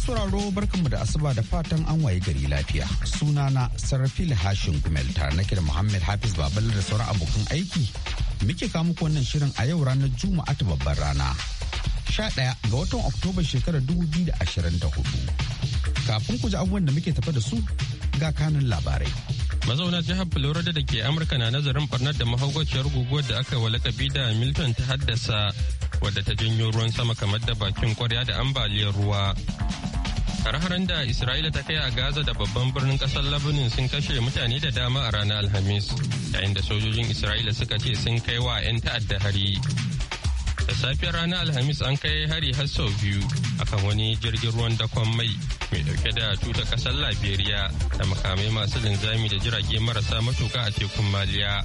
Masu sauraro barkanmu da asuba da fatan an waye gari lafiya. Sunana sarrafil Hashin Gumel tare nake da Muhammad Hafiz babal da sauran abokan aiki. Muke kawo wannan shirin a yau ranar Juma'a ta babbar rana. 11 ga watan Oktoba shekarar 2024. Kafin ku ji abubuwan da muke tafa da su ga kanun labarai. Mazauna jihar Florida da ke Amurka na nazarin barnar da mahaukaciyar guguwar da aka walakabi da Milton ta haddasa wadda ta janyo ruwan sama kamar da bakin kwarya da ambaliyar ruwa har da Isra'ila ta kai a Gaza da babban birnin kasar Labanin sun kashe mutane da dama a ranar Alhamis, yayin da sojojin Isra'ila suka ce sun kai wa 'yan ta'adda hari. Da safiyar ranar Alhamis an kai hari har sau biyu akan wani jirgin ruwan dakon mai mai dauke da tuta kasar Liberia da makamai masu linzami da jirage marasa matuka a tekun Maliya.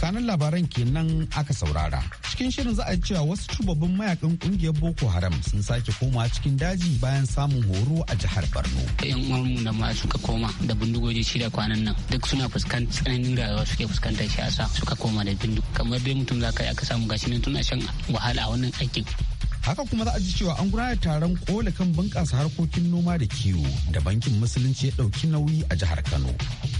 kanan labaran kenan aka saurara cikin shirin za a cewa wasu tubabbin mayakan kungiyar boko haram sun sake koma cikin daji bayan samun horo a jihar borno yan uwanmu da ma suka koma da bindigoji shida kwanan nan duk suna fuskantar tsananin rayuwa suke fuskantar shi yasa suka koma da bindigo kamar dai mutum za ka yi aka samu gashi nan tun shan wahala a wannan aikin haka kuma za a ji cewa an gudanar taron kola kan bunƙasa harkokin noma da kiwo da bankin musulunci ya ɗauki nauyi a jihar kano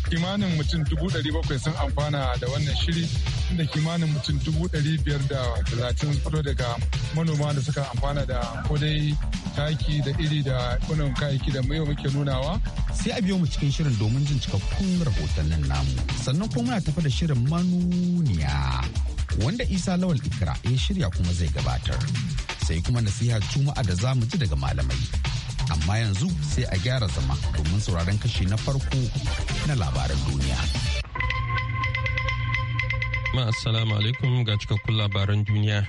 kimanin mutum dubu ɗari bakwai sun amfana da wannan shiri inda kimanin mutum dubu ɗari biyar da talatin fito daga manoma da suka amfana da kodai taki da iri da wannan kayayyaki da yau muke nunawa sai a biyo mu cikin shirin domin jin cikakkun rahotannin namu sannan kuma muna tafi da shirin manuniya wanda isa lawal ikra ya shirya kuma zai gabatar sai kuma nasiha juma'a da za mu ji daga malamai amma yanzu sai a gyara zama domin sauraron kashi na farko na labaran duniya ma assalamu alaikum ga cikakkun labaran duniya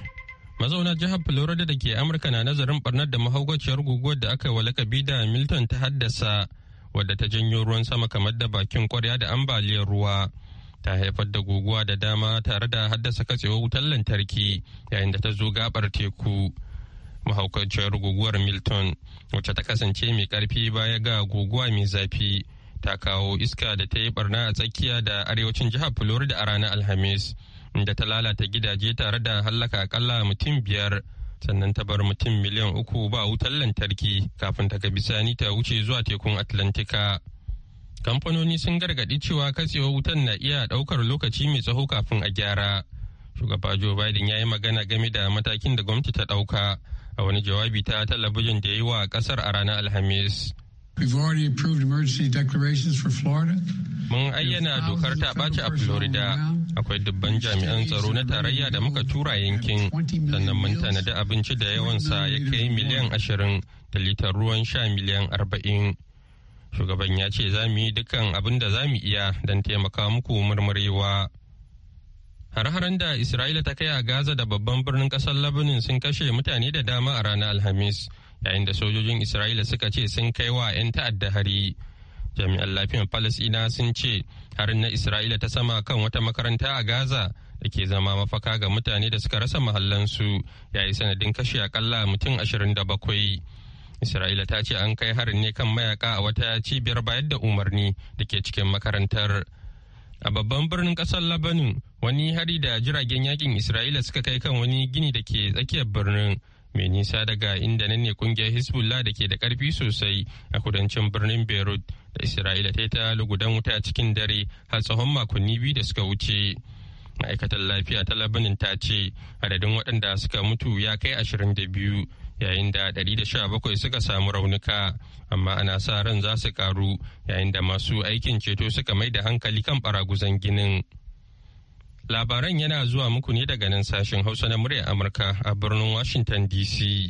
mazauna jihar florida da ke amurka na nazarin barnar da mahaukaciyar guguwar da aka wa lakabi da milton ta haddasa wadda ta janyo ruwan sama kamar da bakin kwarya da ambaliyar ruwa ta haifar da guguwa da dama tare da haddasa katsewar wutar lantarki yayin da ta zo gabar teku mahaukaciyar guguwar milton wacce ta kasance mai karfi baya ga guguwa mai zafi ta kawo iska da ta yi barna a tsakiya da arewacin jihar florida a ranar alhamis inda ta lalata gidaje tare da hallaka akalla mutum biyar sannan ta bar mutum miliyan uku ba wutar lantarki kafin ta sani ta wuce zuwa tekun atlantika kamfanoni sun gargaɗi cewa katsewar wutan na iya ɗaukar lokaci mai tsaho kafin a gyara shugaba joe biden ya yi magana game da matakin da gwamnati ta ɗauka a wani jawabi ta talabijin da ya yi wa kasar a ranar alhamis Mun ayyana dokar ta ɓaci a Florida. Akwai dubban jami'an tsaro na tarayya da muka tura yankin. Sannan mun tanadi abinci da yawansa ya kai miliyan ashirin da litar ruwan sha miliyan arba'in. Shugaban ya ce za mu yi dukkan abin da za mu iya don taimaka muku murmurewa. Har-haren da Isra'ila ta kai a Gaza da babban birnin ƙasar Lebanon sun kashe mutane da dama a ranar Alhamis, yayin da sojojin Isra'ila suka ce sun kai wa 'yan ta'adda hari. Jami'an lafiyar Falasina sun ce harin na Isra'ila ta sama kan wata makaranta a Gaza da ke zama mafaka ga mutane da suka rasa mahallansu ya yi sanadin kashe akalla mutum ashirin da bakwai. Isra'ila ta ce an kai harin ne kan mayaka a wata cibiyar bayar da umarni da ke cikin makarantar. a babban birnin kasar labanin wani hari da jiragen yakin isra'ila suka kai kan wani gini da ke tsakiyar birnin mai nisa daga inda nan ne kungiyar hezbollah da ke da karfi sosai a kudancin birnin beirut da isra'ila ta yi ta lugudan wuta cikin dare har tsawon makonni biyu da suka wuce ma'aikatar lafiya ta labanin ta ce adadin waɗanda suka mutu ya kai ashirin da biyu yayin da 117 suka samu raunuka amma ana sa ran za su karu yayin da masu aikin ceto suka mai da hankali kan baraguzan ginin labaran yana zuwa muku ne daga nan sashen hausa na muryar amurka a birnin washington dc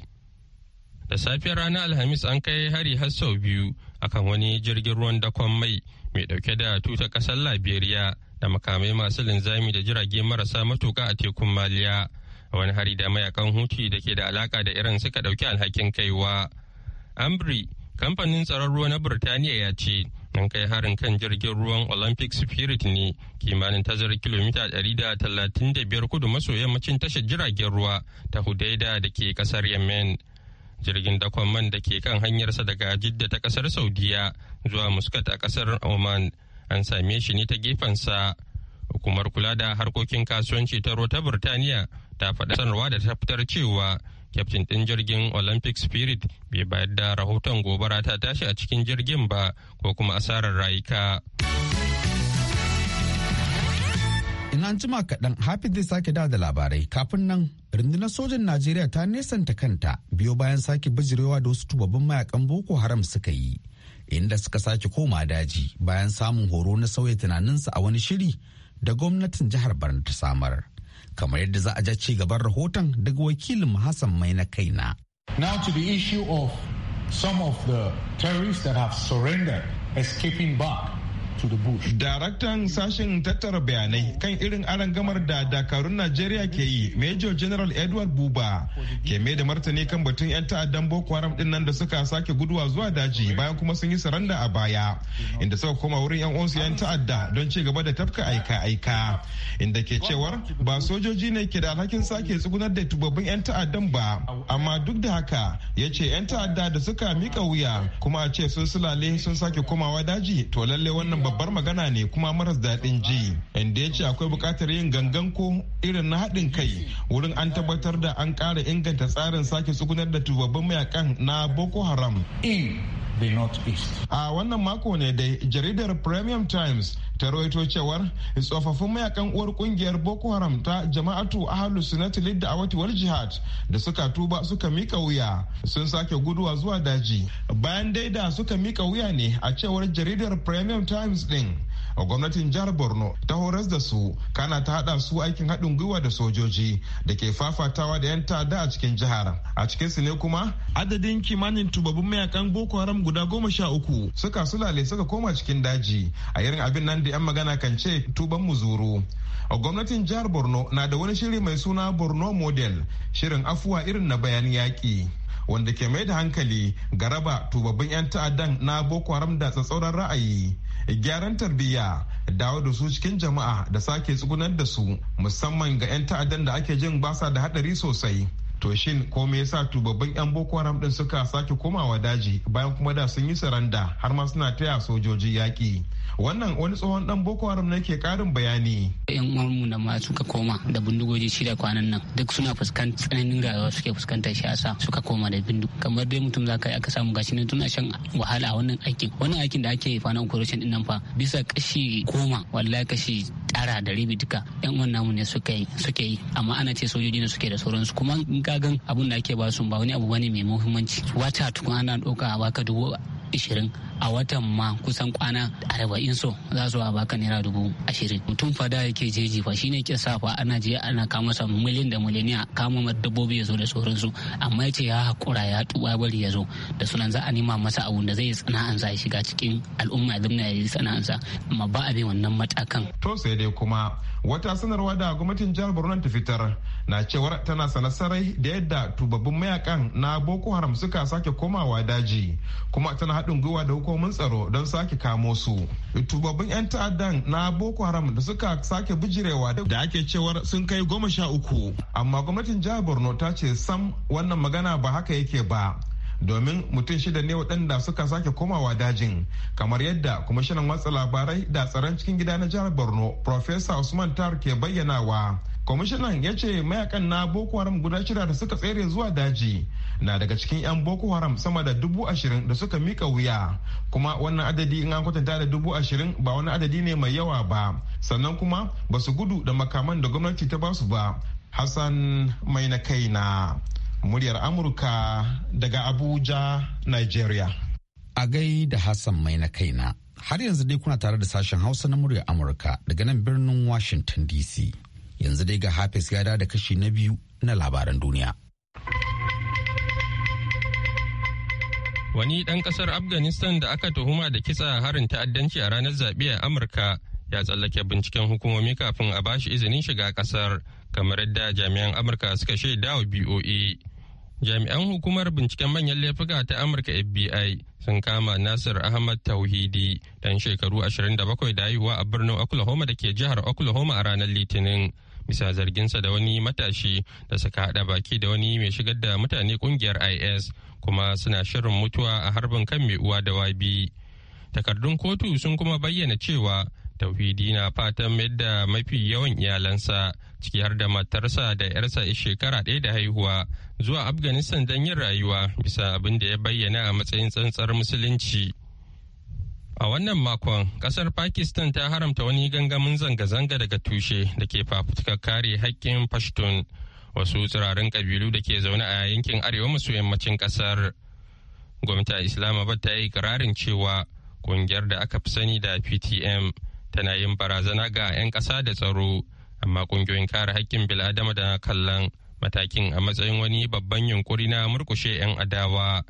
da safiyar ranar alhamis an kai hari har sau biyu akan wani jirgin ruwan dakon mai mai dauke da tuta kasar liberia da makamai masu linzami da jirage marasa matuka a tekun maliya a wani hari da mayakan huti da ke da alaka da iran suka dauki alhakin kaiwa ambri kamfanin tsaron ruwa na birtaniya ya ce an kai harin kan jirgin ruwan olympic spirit ne kimanin tazarar kilomita 135 kudu maso yammacin tashar jiragen ruwa ta hudaida da ke kasar yemen jirgin dakon man da ke kan hanyarsa daga jidda ta kasar saudiya zuwa muscat a kasar oman an same shi ne ta gefensa hukumar kula da harkokin kasuwanci ta ta birtaniya ta faɗa sanarwa da ta fitar cewa kyaftin ɗin jirgin olympic spirit bai bayar da rahoton gobara ta tashi a cikin jirgin ba ko kuma asarar rayuka Ina jima kaɗan hafiz zai sake da labarai kafin nan rundunar sojan najeriya ta nesanta kanta biyo bayan sake bijirewa da wasu tubabbin mayakan boko haram suka yi inda suka sake koma daji bayan samun horo na sauya tunaninsa a wani shiri da gwamnatin jihar Borno ta samar. Kamar yadda za a ja ci gaban rahoton daga wakilin Hassan Mai na kaina. Now to the issue of some of the terrorists that have surrendered escaping back. Daraktan sashen tattara bayanai kan irin arangamar da dakarun Najeriya ke yi, Major General Edward Buba ke mai da martani kan batun 'yan ta'addan Boko Haram din nan da suka sake guduwa zuwa daji bayan kuma sun yi saranda a baya, inda suka koma wurin 'yan uwansu 'yan ta'adda don ci gaba da tafka aika-aika, inda ke cewar ba sojoji ne ke da alhakin sake tsugunar da tubabbin 'yan ta'addan ba, amma duk da haka ya ce 'yan ta'adda da suka mika wuya kuma a ce sun sulale sun sake komawa daji to lalle wannan ba babbar magana ne kuma maras daɗin ji inda ya ce akwai buƙatar yin gangan ko irin na haɗin kai wurin an tabbatar da an ƙara inganta tsarin sake tsugunar da tubabbin mayakan na boko haram e, A wannan mako ne dai jaridar Premium Times ta rawaito cewar tsofaffin mayakan uwar kungiyar boko haram ta jama'atu ahlus sunnati lidda a wal jihad da suka tuba suka mika wuya sun sake guduwa zuwa daji bayan daida suka mika wuya ne a cewar jaridar premium times din a gwamnatin jihar borno ta horas da su kana ta hada su aikin haɗin gwiwa da sojoji da ke fafatawa da 'yan ta'adda a cikin jihar a cikin su ne kuma adadin kimanin tubabin mayakan boko haram guda goma sha uku suka sulale suka koma cikin daji a irin abin nan da 'yan magana kan ce tuban muzuru gwamnatin jihar borno na da wani shiri mai suna borno model shirin afuwa irin na bayan yaƙi wanda ke mai da hankali ga raba tubabbin 'yan ta'addan na boko haram da tsatsauran ra'ayi gyaran tarbiyya dawo da su cikin jama'a da sake tsugunar da su musamman ga 'yan ta'addan da ake jin basa da hadari sosai to shin ko me yasa tubabban 'yan boko haram din suka sake komawa daji bayan kuma da sun yi saranda har ma suna taya sojoji yaƙi wannan wani tsohon dan boko haram ne ke karin bayani yan uwanmu da ma suka koma da bindigoji shida kwanan nan duk suna fuskantar tsananin rayuwa suke fuskantar shi yasa suka koma da bindigo kamar dai mutum zaka yi aka samu gashi ne tuna shan wahala a wannan aikin wannan aikin da ake yi na operation din nan fa bisa kashi koma wallahi kashi tara da ribi duka yan uwan namu ne suka yi suke yi amma ana ce sojoji ne suke da sauransu kuma in ka gan abun da ake ba su ba wani abu bane mai muhimmanci wata tukun ana doka a baka dubu ishirin a watan ma kusan kwana arba'in so za su ka naira dubu ashirin mutum fada yake jeji fa shine ke sa fa ana je ana kama sa miliyan da ya kama ma dabbobi ya zo da sauransu amma ya ce ya hakura ya tuba bari ya zo da sunan za a nema masa abun da zai yi sa ya shiga cikin al'umma ya ya yi sana'ansa amma ba a bi wannan matakan. to sai dai kuma wata sanarwa da gwamnatin jihar borno ta fitar na cewar tana sarai da yadda tubabbin mayakan na boko haram suka sake komawa daji kuma tana haɗin gwiwa da hukumar komin tsaro don sake kamo su tubabbin 'yan ta'addan na boko haram da suka sake bijirewa da ake cewar sun kai goma sha uku amma gwamnatin jihar borno ta ce sam wannan magana ba haka yake ba domin mutum shida ne waɗanda suka sake komawa dajin kamar yadda kwamishinan watsa labarai da tsaron cikin gida na jihar borno professor usman tar ke bayyanawa kwamishinan ya ce mayakan na boko haram guda shida da suka tsere zuwa daji na daga cikin 'yan boko haram sama da dubu ashirin da suka mika wuya kuma wannan adadi in an kwatanta da dubu ashirin ba wani adadi ne mai yawa ba sannan kuma ba su gudu da makaman da gwamnati ta basu ba hassan mai na kai muryar amurka daga abuja nigeria a gai da hassan mai na kaina har yanzu dai kuna tare da sashen hausa na muryar amurka daga nan birnin washington dc yanzu dai ga hafiz ya da kashi na biyu na labaran duniya wani ɗan ƙasar afghanistan da aka tuhuma da kisa harin ta'addanci a ranar zaɓe a amurka ya tsallake binciken hukumomi kafin a bashi izinin shiga ƙasar kamar yadda jami'an amurka suka shaida wa boe jami'an hukumar binciken manyan laifuka ta amurka fbi sun kama nasir ahmad tauhidi dan shekaru 27 da haihuwa a birnin oklahoma da ke jihar oklahoma a ranar litinin bisa zarginsa da wani matashi da suka haɗa baki da wani mai shigar da mutane ƙungiyar is kuma suna shirin mutuwa a harbin kan mai uwa da wabi takardun kotu sun kuma bayyana cewa tauhidi na fatan mayar da mafi yawan iyalansa ciki har da matarsa da yarsa shekara ɗaya da haihuwa zuwa afghanistan don yin rayuwa bisa abin da ya bayyana a matsayin tsantsar musulunci A wannan makon, kasar Pakistan ta haramta wani gangamin zanga-zanga daga tushe da ke fafutukar kare haƙƙin Pashtun, wasu tsirarin ƙabilu da ke zaune a yankin arewa maso yammacin ƙasar. Gwamnatin Islamabad ta yi ƙirarin cewa ƙungiyar da aka fi sani da PTM tana yin barazana ga 'yan ƙasa da tsaro, amma ƙungiyoyin kare haƙƙin bil'adama da kallon matakin a matsayin wani babban yunkuri na murƙushe 'yan adawa.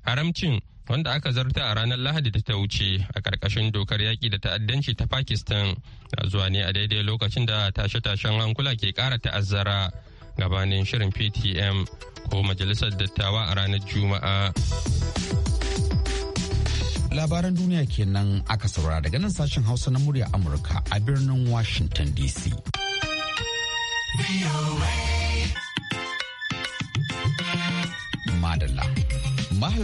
Haramcin wanda aka zarta a ranar lahadi da ta wuce a ƙarƙashin dokar yaƙi da ta'addanci ta pakistan na zuwa ne a daidai lokacin da tashe-tashen hankula ke ƙara ta'azzara gabanin shirin ptm ko majalisar dattawa a ranar juma'a labaran duniya kenan aka saurara daga nan sashen hausa na murya amurka a birnin washington dc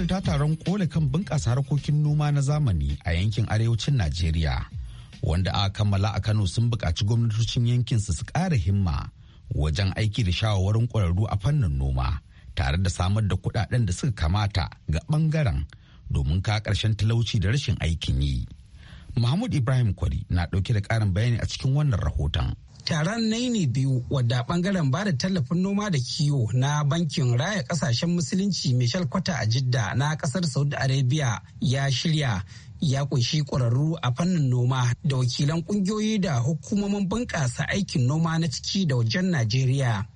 ta taron kole kan bunƙasa harkokin noma na zamani a yankin arewacin Najeriya. Wanda aka kammala a Kano sun buƙaci gwamnatocin yankin su ƙara himma wajen aiki da shawarwarin ƙwararru a fannin noma tare da samar da kuɗaɗen da suka kamata ga ɓangaren domin ka ƙarshen talauci da rashin aikin yi. Mahmud Ibrahim Kwari na ɗauke da ƙarin bayani a cikin wannan rahoton. taron naini biyu wadda bangaren da tallafin noma da kiwo na bankin raya kasashen musulunci michel kwata a jidda na kasar saudi arabia ya shirya ya kunshi kwararru a fannin noma da wakilan kungiyoyi da hukumomin bunƙasa aikin noma na ciki da wajen najeriya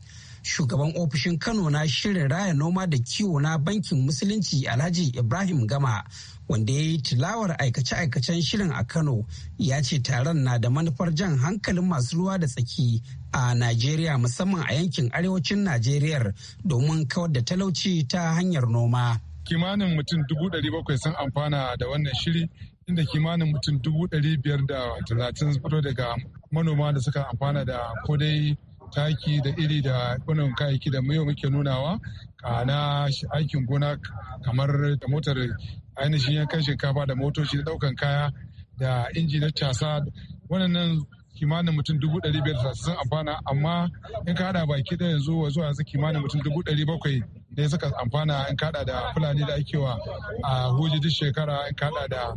shugaban ofishin kano na shirin raya noma da kiwo na bankin musulunci alhaji ibrahim gama wanda ya yi tilawar aikace-aikacen shirin a kano ya ce taron na da manufar jan hankalin masu ruwa da tsaki a najeriya musamman a yankin arewacin Najeriya domin kawar da talauci ta hanyar noma kimanin mutum dubu ɗari bakwai sun amfana da wannan shiri inda kimanin mutum dubu ɗari biyar da talatin zuro daga manoma da suka amfana da kodai taki da iri da wannan kayayyaki da mayo muke nunawa kana aikin gona kamar da motar ainihin yankan shinkafa da motoci da daukan kaya da inji na tasa wannan kimanin mutum dubu ɗari biyar da sun amfana amma in ka haɗa baki da yanzu wa zuwa yanzu kimanin mutum dubu ɗari bakwai ne suka amfana in ka da fulani da ake wa a huji duk shekara in ka da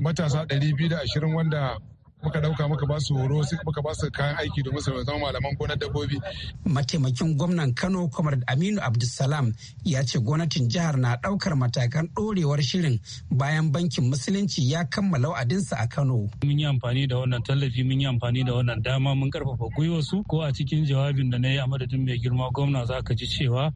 matasa ɗari biyu da ashirin wanda muka dauka muka ba su horo sai muka ba su kayan aiki domin su zama malaman gonar dabbobi. Mataimakin gwamnan Kano Kamar Aminu Abdulsalam ya ce gwamnatin jihar na daukar matakan dorewar shirin bayan bankin musulunci ya kammala wa'adinsa a Kano. Mun yi amfani da wannan tallafi mun yi amfani da wannan dama mun karfafa su ko a cikin jawabin da na yi a madadin mai girma gwamna za ka ji cewa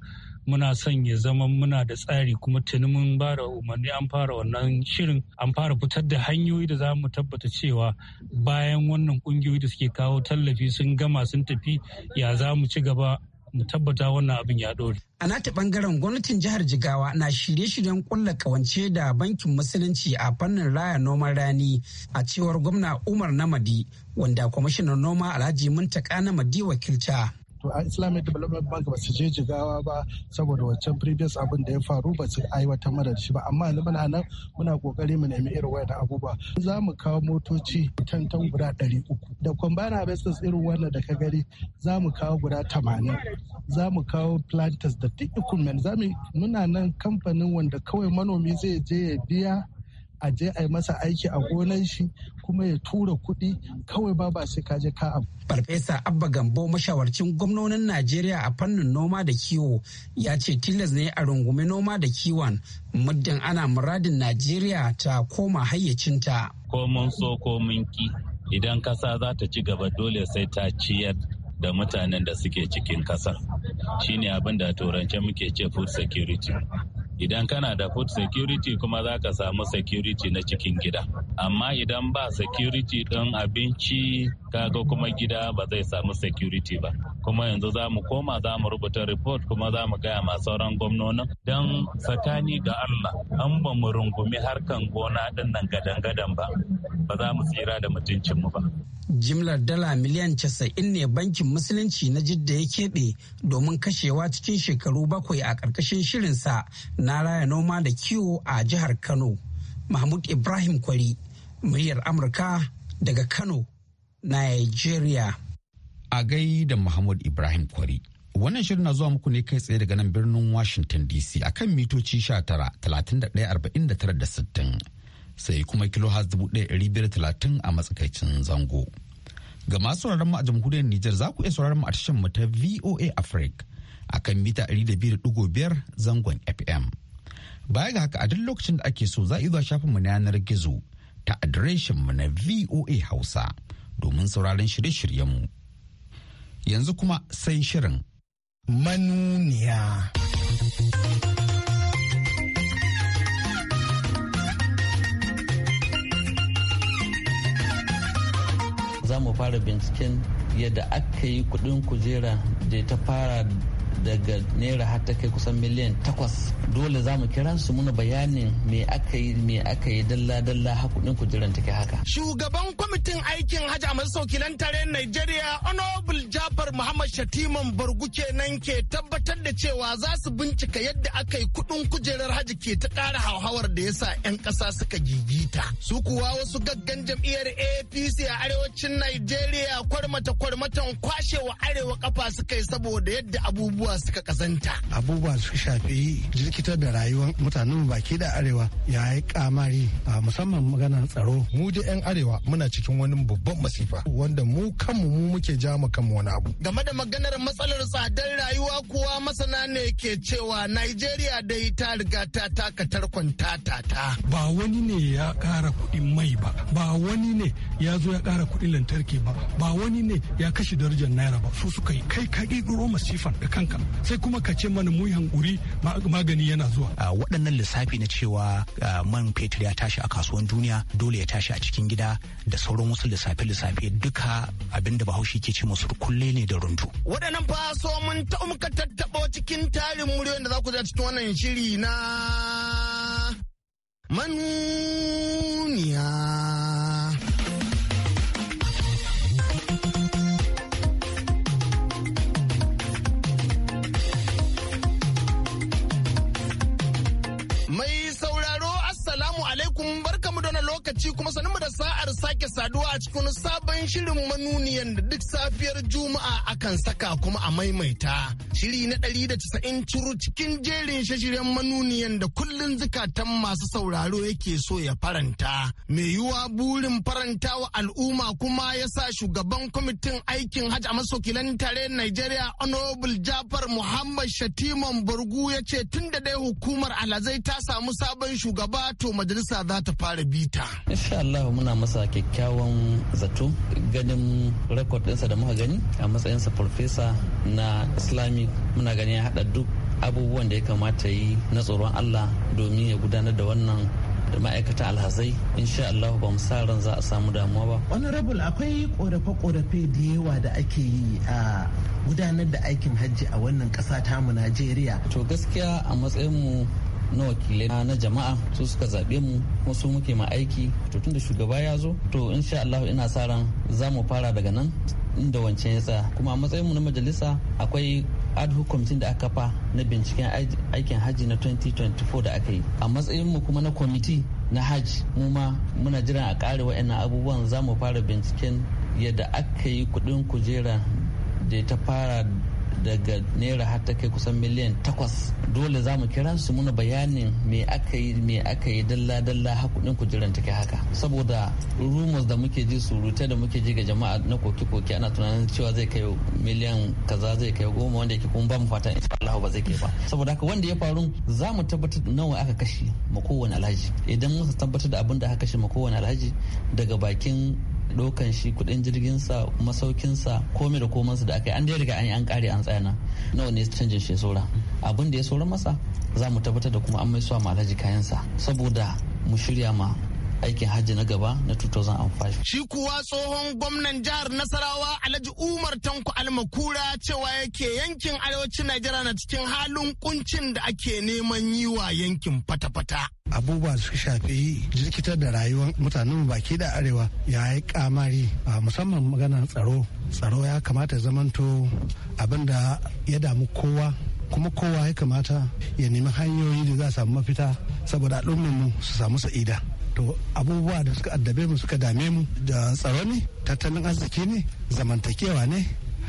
muna son ya zama muna da tsari kuma tuni mun ba umarni an fara wannan shirin an fara fitar da hanyoyi da za mu tabbata cewa bayan wannan kungiyoyi da suke kawo tallafi sun gama sun tafi ya za mu ci gaba mu tabbata wannan abin ya dore. A nata bangaren gwamnatin jihar Jigawa na shirye-shiryen kulla kawance da bankin musulunci a fannin raya noman rani a cewar gwamna Umar Namadi wanda kwamishinan noma Alhaji Muntaka Namadi wakilta. to a islamic development bank ba su je jigawa ba saboda wancan previous abin da ya faru ba su aiwatar mana da shi ba amma yanzu muna nan muna kokari mu nemi irin wannan abubuwa za mu kawo motoci tantan guda ɗari uku da combine harvesters irin wannan da ka gari za mu kawo guda tamanin za mu kawo planters da duk equipment za mu muna nan kamfanin wanda kawai manomi zai je ya biya a je a yi masa aiki a gonan shi kuma ya tura kuɗi kawai ba ba sai kaje ka abu. Farfesa Abba Gambo mashawarcin gwamnonin Najeriya a fannin noma da kiwo ya ce tilas ne a rungumi noma da kiwon muddin ana muradin Najeriya ta koma hayyacinta. Ko mun so ko mun ki idan kasa za ta ci gaba dole sai ta ciyar da mutanen da suke cikin kasar shine abin da turance muke ce food security idan kana da food security kuma za ka samu security na cikin gida amma idan ba security ɗin abinci kaga kuma gida ba zai samu security ba kuma yanzu za mu koma za mu rubuta report kuma za mu gaya ma sauran gwamnonin don tsakani ga allah an ba mu rungumi harkan gona ɗin nan gadan-gadan ba ba za mu tsira da mutuncinmu ba jimlar dala miliyan 90 ne bankin musulunci na jidda ya keɓe domin kashewa cikin shekaru bakwai a ƙarƙashin shirinsa na raya noma da kiwo a jihar kano mahmud ibrahim kwari muryar amurka daga kano nigeria a gai da mahmud ibrahim kwari wannan shirin na zuwa muku ne kai tsaye daga nan birnin washington dc akan mitoci 19 31 da 60 sai kuma dubu kilohertz talatin a matsakaicin zango. Ga masu sauraron mu a jamhuriyar Nijar za ku iya sauraron mu a tashar mu ta VOA Africa a kan mita da biyar zangon FM. Baya ga haka a duk lokacin da ake so za a zuwa shafin mu na yanar gizo ta adireshin mu na VOA Hausa domin sauraron shirye shiryen mu Yanzu kuma sai shirin manuniya. fara binciken yadda aka yi kudin kujera da ta fara daga naira har ta kai kusan miliyan takwas dole za mu kira su muna bayanin me aka yi me aka yi dalla dalla hakudin kujeran take haka shugaban kwamitin aikin hajji a nan tare Najeriya honorable Jafar Muhammad Shatiman Bargu kenan ke tabbatar da cewa za su bincika yadda aka yi kudin kujerar haji ke ta kara hauhawar da yasa 'yan kasa suka gigita su kuwa wasu gaggan jam'iyyar APC a arewacin Najeriya kwarmata kwarmatan kwashewa arewa kafa suka yi saboda yadda abubuwa abubuwa suka kazanta abubuwa su shafi jirkitar da rayuwar mutanen baki da arewa ya yi kamari a musamman maganar tsaro mu da yan arewa muna cikin wani babban masifa wanda mu kanmu mu muke ja mu kanmu wani abu game da maganar matsalar tsadar rayuwa kuwa masana ne ke cewa Najeriya dai ta riga ta taka tarkon ta. ba wani ne ya kara kuɗin mai ba ba wani ne ya zo ya kara kuɗin lantarki ba ba wani ne ya kashe darajar naira ba su suka yi kai ka ƙirƙiro masifan da kanka sai kuma ka ce mana mu hankuri magani yana zuwa waɗannan lissafi na cewa man fetur ya tashi a kasuwan duniya dole ya tashi a cikin gida da sauran wasu lissafe lissafe duka abinda bahaushe ke ce masu kulle ne da rundu waɗannan fa so mun ta muka tattaɓa cikin tarin muryoyin da za ku cikin wannan shiri na manuniya lokaci kuma sanin da sa'ar sake saduwa a cikin sabon shirin manuniyan da duk safiyar Juma'a akan saka kuma a maimaita. Shiri na ɗari da casa'in curu cikin jerin shashiren manuniyan da kullun zukatan masu sauraro yake so ya faranta. Mai yiwuwa burin faranta wa al'umma kuma ya sa shugaban kwamitin aikin hajj a kilan tare Nigeria Honorable Jafar Muhammad Shatiman Burgu ya ce tun da dai hukumar alhazai ta samu sabon shugaba to majalisa za ta fara bita. insha Allah muna masa kyakkyawan zato ganin rekod ɗinsa da muka gani a matsayinsa farfesa na islamic muna ganin ya haɗa duk abubuwan da ya kamata yi na tsoron Allah domin ya gudanar da wannan da ma'aikata alhazai insha Allah ba mu sa ran za a samu damuwa ba. Wani rabul akwai korafe-korafe da yawa da ake yi a gudanar da aikin hajji a wannan ƙasa tamu Najeriya. To gaskiya a matsayin mu na wakilai na jama'a su suka zaɓe mu kuma su muke ma aiki to tun da shugaba ya zo to insha Allah ina sa ran za mu fara daga nan inda wancan ya tsaya kuma a matsayin mu na majalisa akwai ad hoc committee da aka fa na binciken aikin hajji na 2024 da aka yi a matsayin mu kuma na kwamiti na hajj mu ma muna jiran a kare wa'annan abubuwan za mu fara binciken yadda aka yi kuɗin kujera da ta fara daga naira har ta kai kusan miliyan takwas dole za mu kira su muna bayanin me aka yi me aka yi dalla dalla hakudin kujeran take haka saboda rumors da muke ji surutai da muke ji ga jama'a na koke koke ana tunanin cewa zai kai miliyan kaza zai kai goma wanda yake kuma ba mu fatan insha Allah ba zai kai ba saboda haka wanda ya faru za mu tabbatar da nawa aka kashe ma kowane alhaji idan muka tabbatar da abin da aka kashe ma kowane alhaji daga bakin dokan shi kudin jirgin sa masaukin sa komai da koman su da akai an riga an yi an kare an tsaya nawa ne canjin shi saura abin da ya saura masa za mu tabbatar da kuma an mai suwa ma alhaji kayan sa saboda mu shirya ma aikin hajji na gaba na 2005. Shi kuwa tsohon gwamnan jihar Nasarawa Alhaji Umar Tanko Almakura cewa yake yankin arewacin Najeriya na cikin halin kuncin da ake neman yi wa yankin fata-fata. Abubuwa suka shafi jirkitar da rayuwar mutanen baki da arewa ya yi kamari musamman magana tsaro. Tsaro ya kamata zamanto abin da ya damu kowa kuma kowa ya kamata ya nemi hanyoyi da za a samu mafita saboda al'ummar mu su samu sa'ida. wato abubuwa da suka addabe mu suka dame mu da tsaro ne tattalin arziki ne zamantakewa ne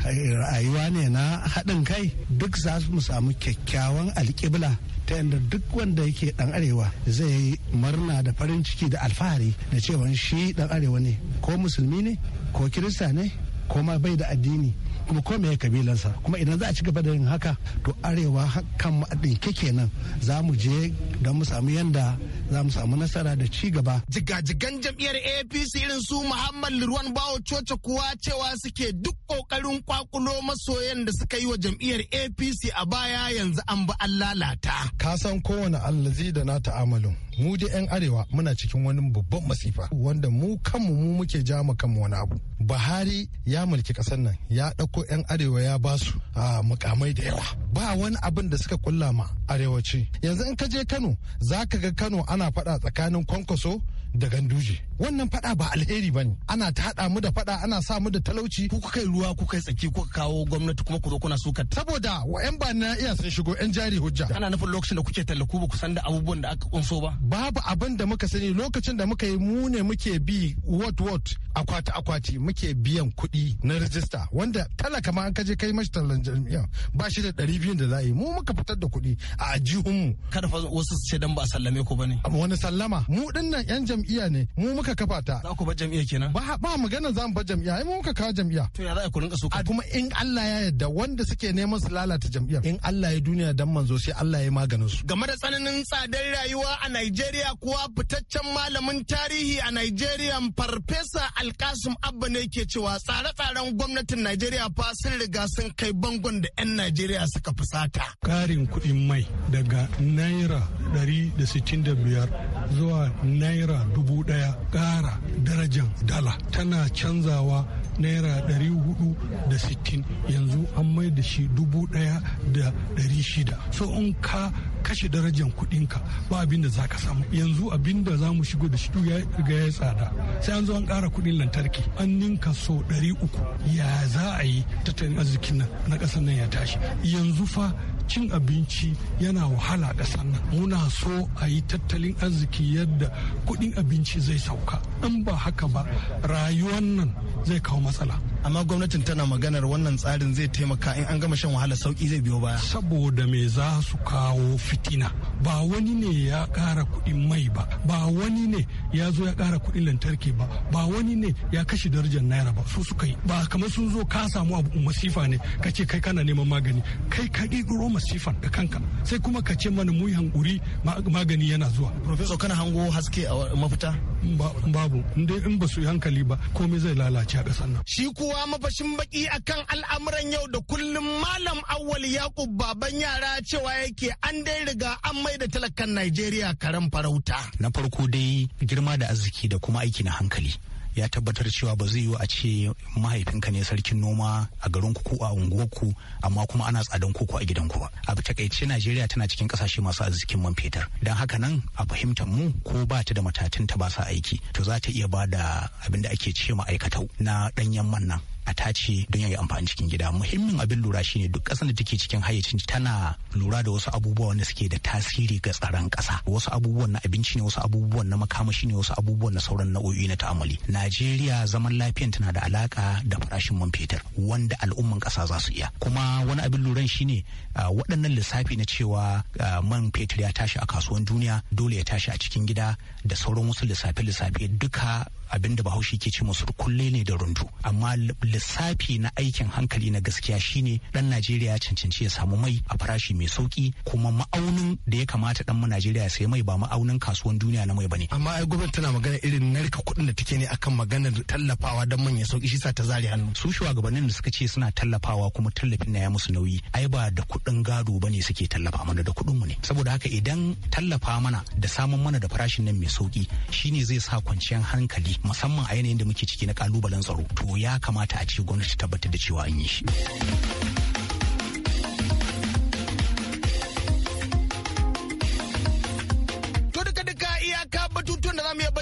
rayuwa ne na haɗin kai duk za mu samu kyakkyawan alƙibla ta yadda duk wanda yake ɗan arewa zai murna da farin ciki da alfahari da cewa shi ɗan arewa ne ko musulmi ne ko kirista ne ko ma bai da addini kuma ko kabilan sa kuma idan za a ci gaba da yin haka to arewa kan ɗinke kenan za mu je don mu samu yanda za mu samu nasara da ci gaba. Jigajigan jam'iyyar APC irin su Muhammad Lirwan Bawo coci kuwa cewa suke duk ƙoƙarin kwakulo masoyan da suka yi wa jam'iyyar APC a baya yanzu an ba an lalata. Ka san kowane allazi da na ta'amalin. Mu 'yan arewa muna cikin wani babban masifa wanda mu kanmu mu muke ja mu kanmu wani abu. Buhari ya mulki ƙasar nan ya ɗauko farko 'yan arewa ya ba su a mukamai da yawa ba wani abin da suka kulla ma arewaci yanzu in ka je kano za ka ga kano ana faɗa tsakanin kwankwaso da ganduje wannan fada ba alheri ba ne ana ta mu da fada ana sa mu da talauci ku kai ruwa ku kai tsaki ku kawo gwamnati kuma ku zo kuna suka saboda wa yan ba na iya sun shigo yan jari hujja ana nufin lokacin da kuke tallaku ba ku san da abubuwan da aka kunso ba babu abin da muka sani lokacin da muka yi mu ne muke bi what what akwati akwati muke biyan kuɗi na rajista wanda talaka ma an kaje kai mashi tallan jami'a ba shi da ɗari biyu da za a yi mu muka fitar da kuɗi a ajihunmu kada fa wasu su ce dan ba sallame ku bane wani sallama mu dinnan yan jam'iyya ne mu muka kafa ta za ku bar jam'iyya kenan ba ba magana za mu bar jam'iyya ai mu muka kawo jam'iyya to ya za ku rinka suka kuma in Allah ya yarda wanda suke neman su lalata jam'iyya in Allah ya duniya dan manzo sai Allah ya maganin su game da tsananin tsadar rayuwa a Najeriya kuwa fitaccen malamin tarihi a Najeriya farfesa Alkasim Abba ne ke cewa tsare-tsaren gwamnatin Najeriya fa sun riga sun kai bangon da 'yan Najeriya suka fusata karin kuɗin mai daga naira 165 zuwa naira dubu ɗaya ƙara darajan dala tana canzawa naira ɗari hudu da sittin yanzu an mai da shi dubu ɗaya da ɗari shida so in ka kashe darajan kuɗinka ba abin da za ka samu yanzu abin da za mu shigo da shi ya riga ya tsada sai an zo an ƙara kuɗin lantarki an ninka so ɗari uku ya za a yi tattalin arzikin nan na ƙasar nan ya tashi yanzu fa cin abinci yana wahala ƙasar nan muna so a yi tattalin arziki yadda kuɗin abinci zai sauka in ba haka ba rayuwan nan zai kawo matsala amma gwamnatin tana maganar wannan tsarin zai taimaka in an gama shan wahala sauki zai biyo baya saboda me za su kawo fitina ba wani ne ya kara kuɗin mai ba ba wani ne ya zo ya kara kuɗin lantarki ba ba wani ne ya kashe darajar naira ba su suka yi ba kamar sun zo ka samu abu masifa ne ka ce kai kana neman magani kai ka ƙirƙiro masifan da kanka sai kuma ka ce mana mu hankuri magani yana zuwa professor kana hango haske a mafita babu in ba su yi hankali ba komai zai lalace a ƙasar nan shi kuwa kawowa mafashin baki akan al'amuran yau da kullum malam awwal yakub baban yara cewa yake an dai riga an mai da talakan najeriya karen farauta na farko dai girma da arziki da kuma aiki na hankali ya tabbatar cewa ba zai yiwu a ce mahaifinka ne sarkin noma a garin ku ko a unguwarku amma kuma ana tsadan koko a gidan ba a takaice najeriya tana cikin kasashe masu arzikin man fetur dan haka nan a fahimtar mu ko ba ta da matatun ta ba sa aiki to za ta iya ba da abin da ake ce ma'aikatau na danyen man nan a tace don ya yi amfani cikin gida muhimmin abin lura shine duk ƙasar da take cikin hayyacin tana lura da wasu abubuwa wanda suke da tasiri ga tsaron ƙasa wasu abubuwan na abinci ne wasu abubuwan na makamashi ne wasu abubuwan na sauran nau'o'i na ta'amuli najeriya zaman lafiyan tana da alaka da farashin man fetur wanda al'umman ƙasa za su iya kuma wani abin luran shine waɗannan lissafi na cewa man fetur ya tashi a kasuwan duniya dole ya tashi a cikin gida da sauran wasu lissafe-lissafe duka abin da bahaushe ke ce musu kulle ne da rundu amma lissafi na aikin hankali na gaskiya shine dan Najeriya cancanci ya samu mai a farashi mai sauki kuma ma'aunin da ya kamata dan Najeriya ya saya mai ba ma'aunin kasuwan duniya na mai bane. Amma ai gwamnati tana magana irin narka kuɗin da take ne akan maganar tallafawa dan manya sauki shi sa ta zare hannu. Su shugabannin da suka ce suna tallafawa kuma tallafin na ya musu nauyi ai ba da kuɗin gado bane suke tallafa mana da kuɗin mu ne. Saboda haka idan tallafa mana da samun mana da farashin nan mai sauki shine zai sa kwanciyar hankali musamman a yanayin da muke ciki na kalubalen tsaro to ya kamata a ce gwamnati tabbatar da cewa an yi shi.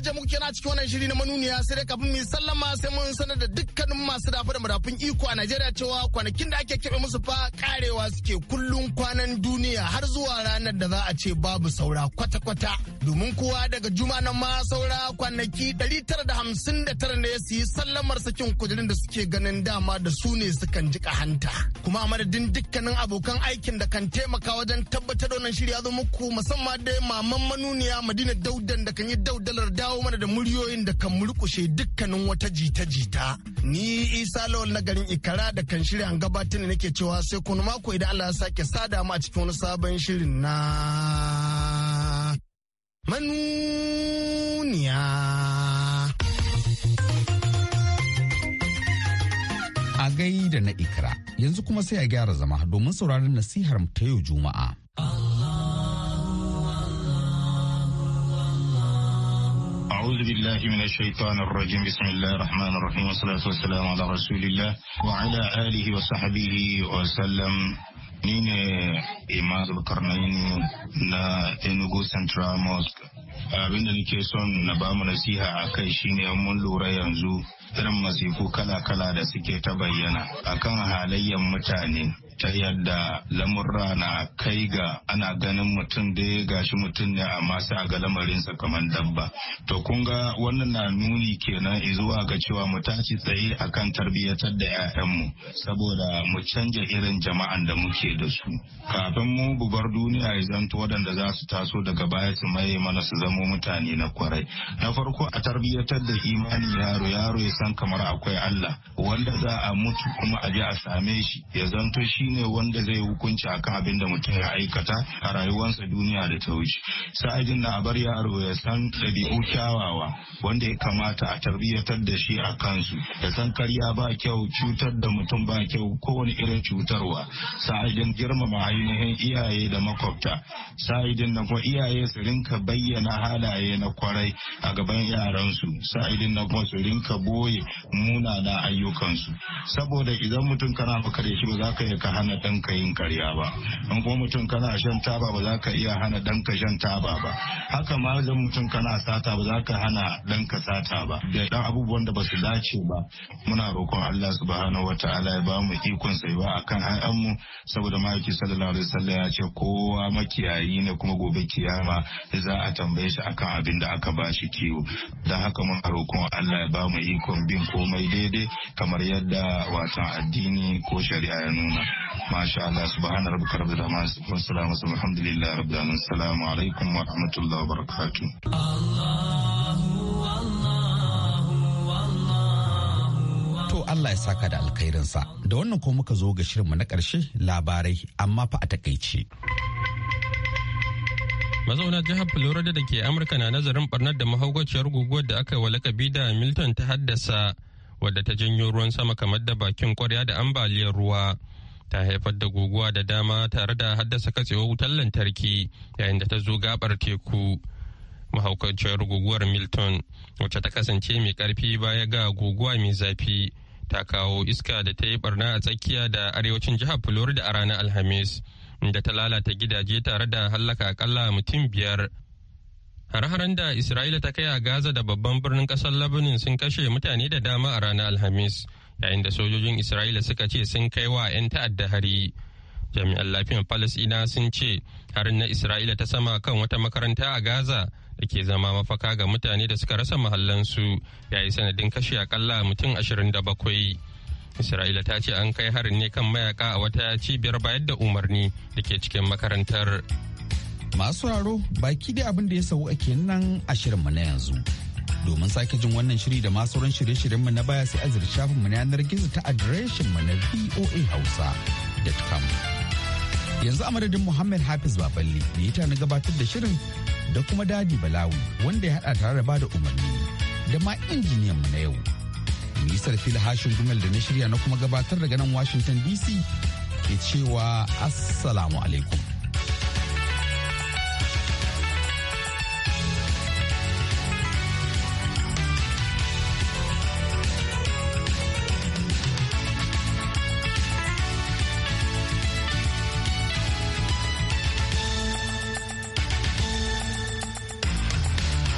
baje muku kenan cikin wannan shiri na manuniya sai dai kafin mu sallama sai mun sanar da dukkanin masu dafa da madafun iko a Najeriya cewa kwanakin da ake kebe musu fa karewa suke kullun kwanan duniya har zuwa ranar da za a ce babu saura kwata-kwata domin kuwa daga juma na ma saura kwanaki 959 ne su yi sallamar sakin kujerun da suke ganin dama da su ne sukan jika hanta kuma a madadin dukkanin abokan aikin da kan taimaka wajen tabbatar da wannan ya zo muku musamman dai maman manuniya madina daudan da kan yi daudalar dawo kawo mana da muryoyin da kan murkushe dukkanin wata jita-jita. Ni Isa Lawal na garin Ikara da kan shirya an gabatar da nake cewa sai kuma mako idan Allah ya sake sada mu a cikin wani sabon shirin na manuniya. A gaida na Ikara yanzu kuma sai a gyara zama domin sauraron nasihar ta yau Juma'a. أعوذ بالله من الشيطان الرجيم بسم الله الرحمن الرحيم والصلاة والسلام على رسول الله وعلى آله وصحبه وسلم من إمام القرنين نا إنوغو سنترا موسك أبنى الكيسون نبام نسيها عكيشين يومون لورا ينزو ترم مسيكو كلا كلا دسكي تبينا أكان حالي متانين ta yadda lamurra na kai ga ana ganin mutum da ya gashi mutum ne amma sai a ga lamarinsa kamar dabba to kun ga wannan na nuni kenan zuwa ga cewa mu tashi tsaye akan tarbiyyatar da mu saboda mu canja irin jama'an da muke da su kafin mu gubar duniya ya zanto waɗanda za su taso daga baya su maye mana su zamo mutane na kwarai na farko a tarbiyyatar da imani yaro yaro ya san kamar akwai Allah wanda za a mutu kuma a je a same shi ya zanto shi ne wanda zai hukunci akan abin da mutum ya aikata a rayuwarsa duniya da ta wuce sa'adin na bar yaro ya san ɗabi'u kyawawa wanda ya kamata a tarbiyyatar da shi a kansu ya san karya ba kyau cutar da mutum ba kyau kowane irin cutarwa sa'adin girmama ainihin iyaye da makwabta sa'adin na kuma iyaye su rinka bayyana halaye na kwarai a gaban yaransu sa'adin na kuma su rinka boye munana ayyukansu saboda idan mutum kana maka da shi ba za ka yi ka hana ɗanka yin karya ba in kuma mutum kana shan taba ba za ka iya hana ɗanka shan taba ba haka ma da mutum kana sata ba za ka hana ɗanka sata ba da dan abubuwan da ba su dace ba muna roƙon Allah subhanahu wa ta'ala ya ba mu ikon ba akan mu saboda mahaifi sallallahu alaihi wasallam ya ce kowa makiyayi ne kuma gobe kiyama za a tambaye shi akan abin da aka ba shi kiwo don haka muna roƙon Allah ya ba mu ikon bin komai daidai kamar yadda watan addini ko shari'a ya nuna. masha Allah rabbika rabbil rabbil alamin salamu alaikum wa rahmatullahi wa barakatuh Allah ya saka da alkhairinsa da wannan ko muka zo ga shirinmu na ƙarshe labarai amma fa a takaice. mazauna jihar florida da ke amurka na nazarin barnar da mahaukaciyar guguwar da aka walakabi da milton ta haddasa wadda ta janyo ruwan sama kamar da bakin kwarya da ambaliyar ruwa ta haifar da guguwa da dama tare da haddasa katsewar wutar lantarki yayin da ta zo gabar teku mahaukaciyar guguwar milton wacce ta kasance mai karfi baya ga guguwa mai zafi ta kawo iska da ta yi barna a tsakiya da arewacin jihar florida a ranar alhamis inda ta lalata gidaje tare da hallaka akalla mutum biyar har-haren da isra'ila ta kai a gaza da babban birnin kasar labanin sun kashe mutane da dama a ranar alhamis yayin da sojojin isra'ila suka ce sun kai wa 'yan ta'adda hari jami'an lafiyar falasina sun ce harin na isra'ila ta sama kan wata makaranta a gaza da ke zama mafaka ga mutane da suka rasa mahallansu yayi sanadin kashe akalla mutum ashirin da bakwai isra'ila ta ce an kai harin ne kan mayaka a wata cibiyar bayar da umarni da ke cikin makarantar masu raro baki da abin da ya sau ake nan ashirin na yanzu Domin sake jin wannan shiri da ma sauran shirye-shiryenmu na baya sai a shafinmu na yanar gizo ta mu na voa hausa.com. Yanzu a madadin Muhammad Hafiz Baballe da ya na gabatar da shirin da kuma Dadi Balawi wanda ya haɗa tare da bada umarni da ma injiniyanmu na yau. Nisar fil hashin gumel da na shirya na kuma gabatar daga nan Washington DC ke cewa Assalamu alaikum.